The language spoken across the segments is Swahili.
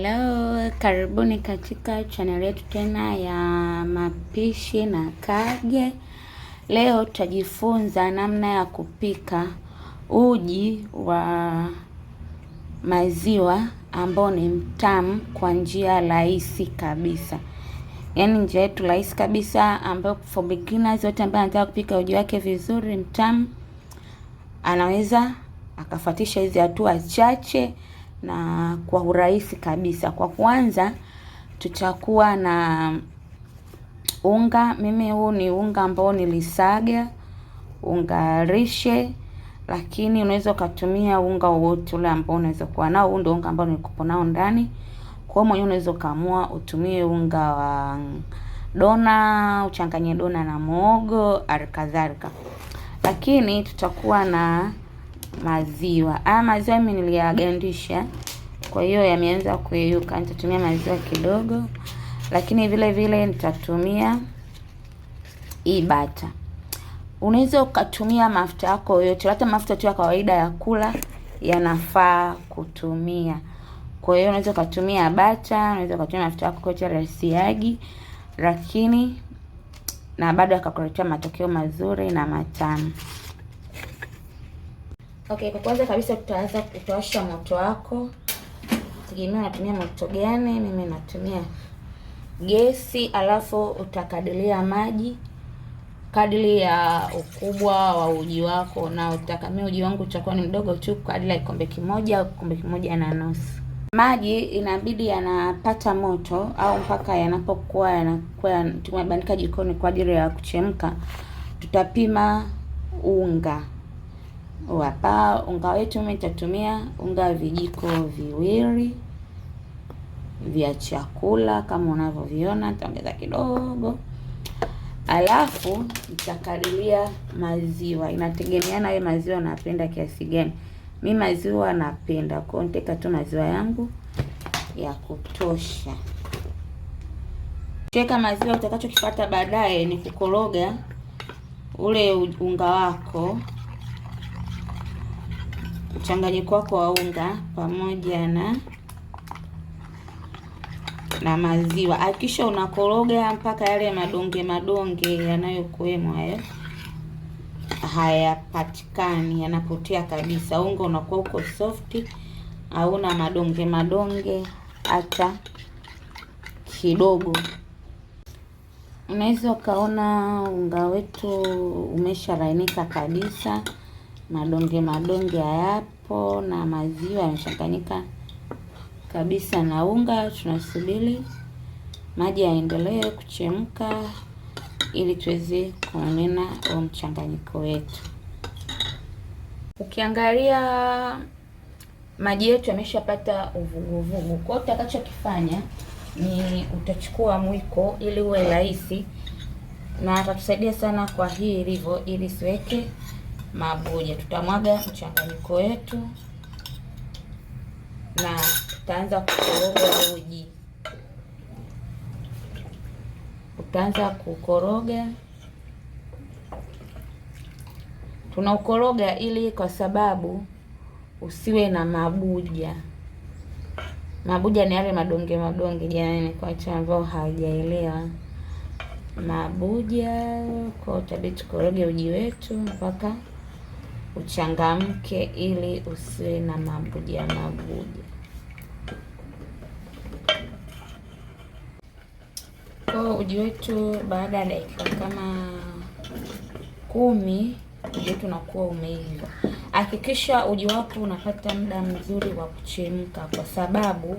Hello, karibuni katika channel yetu tena ya mapishi na Kage. Leo tutajifunza namna ya kupika uji wa maziwa ambao ni mtamu kwa njia rahisi kabisa, yaani njia yetu rahisi kabisa, ambayo for beginners wote ambao anataka kupika uji wake vizuri mtamu, anaweza akafuatisha hizi hatua chache na kwa urahisi kabisa. Kwa kwanza tutakuwa na unga. Mimi huu ni unga ambao nilisaga, unga rishe, lakini unaweza ukatumia unga wowote ule ambao unaweza kuwa nao. Huu ndio unga ambao nilikupo nao ndani. Kwa hiyo mwenyewe unaweza ukaamua utumie unga wa dona, uchanganye dona na mogo alikadhalika. Lakini tutakuwa na maziwa. Haya ah, maziwa mimi niliyagandisha kwa hiyo yameanza kuyeyuka, nitatumia maziwa kidogo, lakini vile vile nitatumia hii bata. Unaweza ukatumia mafuta yako yote, hata mafuta tu ya kawaida ya kula yanafaa kutumia. Kwa hiyo unaweza ukatumia bata, unaweza ukatumia mafuta yako yote ya siagi, lakini na bado akakuletea matokeo mazuri na matamu. Okay, kwa kwanza kabisa tutaanza kutowasha moto wako inategemea natumia moto gani. Mimi natumia gesi, alafu utakadilia maji kadili ya ukubwa wa uji wako na utakamia uji wangu utakuwa ni mdogo tu, kadili ya kikombe kimoja au kikombe kimoja na nusu. Maji inabidi yanapata moto au mpaka yanapokuwa yanakuwa tumebandika jikoni kwa ajili ya kuchemka, tutapima unga wapa. Unga wetu mimi nitatumia unga vijiko viwili vya chakula kama unavyoviona, nitaongeza kidogo, alafu nitakadiria maziwa. Inategemeana wewe maziwa napenda kiasi gani. Mi maziwa napenda, kwa hiyo nitaweka tu maziwa yangu ya kutosha. kiweka maziwa, utakachokipata baadaye ni kukoroga ule unga wako mchanganyiko wako wa unga pamoja na na maziwa. Hakikisha unakoroga mpaka yale madonge madonge yanayokuwemo hayo hayapatikani, yanapotea kabisa. Unga unakuwa uko soft, hauna madonge madonge hata kidogo. Unaweza ukaona unga wetu umeshalainika kabisa, madonge madonge hayapo na maziwa yamechanganyika kabisa na unga. Tunasubiri maji yaendelee kuchemka ili tuweze kumimina huo mchanganyiko wetu. Ukiangalia maji yetu yameshapata uvuguvugu, kwa hiyo utakachokifanya ni utachukua mwiko ili uwe rahisi, na atatusaidia sana kwa hii ilivyo, ili siweke mabuja. Tutamwaga mchanganyiko wetu na utaanza kukoroga uji, utaanza kukoroga. Tunaukoroga ili kwa sababu usiwe na mabuja. Mabuja ni yale madonge madonge, jamani, kwa cha ambao hawajaelewa mabuja. Kwa utabidi tukoroge uji wetu mpaka uchangamke, ili usiwe na mabuja mabuja. Kwa uji wetu baada ya dakika kama kumi uji wetu unakuwa umeiva. Hakikisha uji wako unapata muda mzuri wa kuchemka, kwa sababu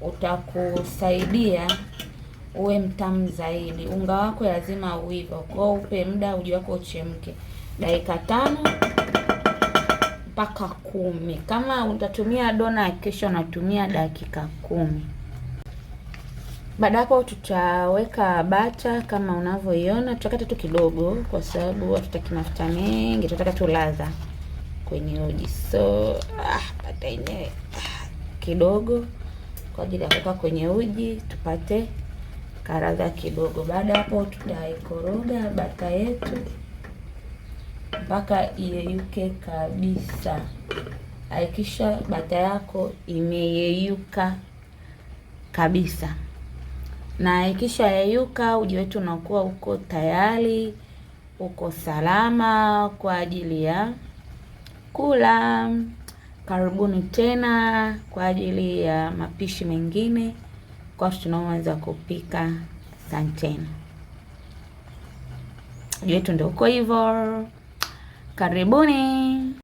utakusaidia uwe mtamu zaidi. Unga wako lazima uive, kwa upe muda uji wako uchemke dakika tano mpaka kumi. Kama utatumia dona, hakikisha unatumia dakika kumi. Baada hapo tutaweka bata kama unavyoiona, tutakata tu kidogo, kwa sababu hatutaki mafuta mengi, tutataka tu ladha kwenye uji. So ah, bata yenyewe ah, kidogo kwa ajili ya kuweka kwenye uji tupate karadha kidogo. Baada hapo tutaikoroga bata yetu mpaka iyeyuke kabisa. Hakikisha bata yako imeyeyuka kabisa na ikisha yayuka uji wetu unakuwa uko tayari, uko salama kwa ajili ya kula. Karibuni tena kwa ajili ya mapishi mengine kwa watu tunaoanza kupika. Asanteni. Uji wetu ndio uko hivyo, karibuni.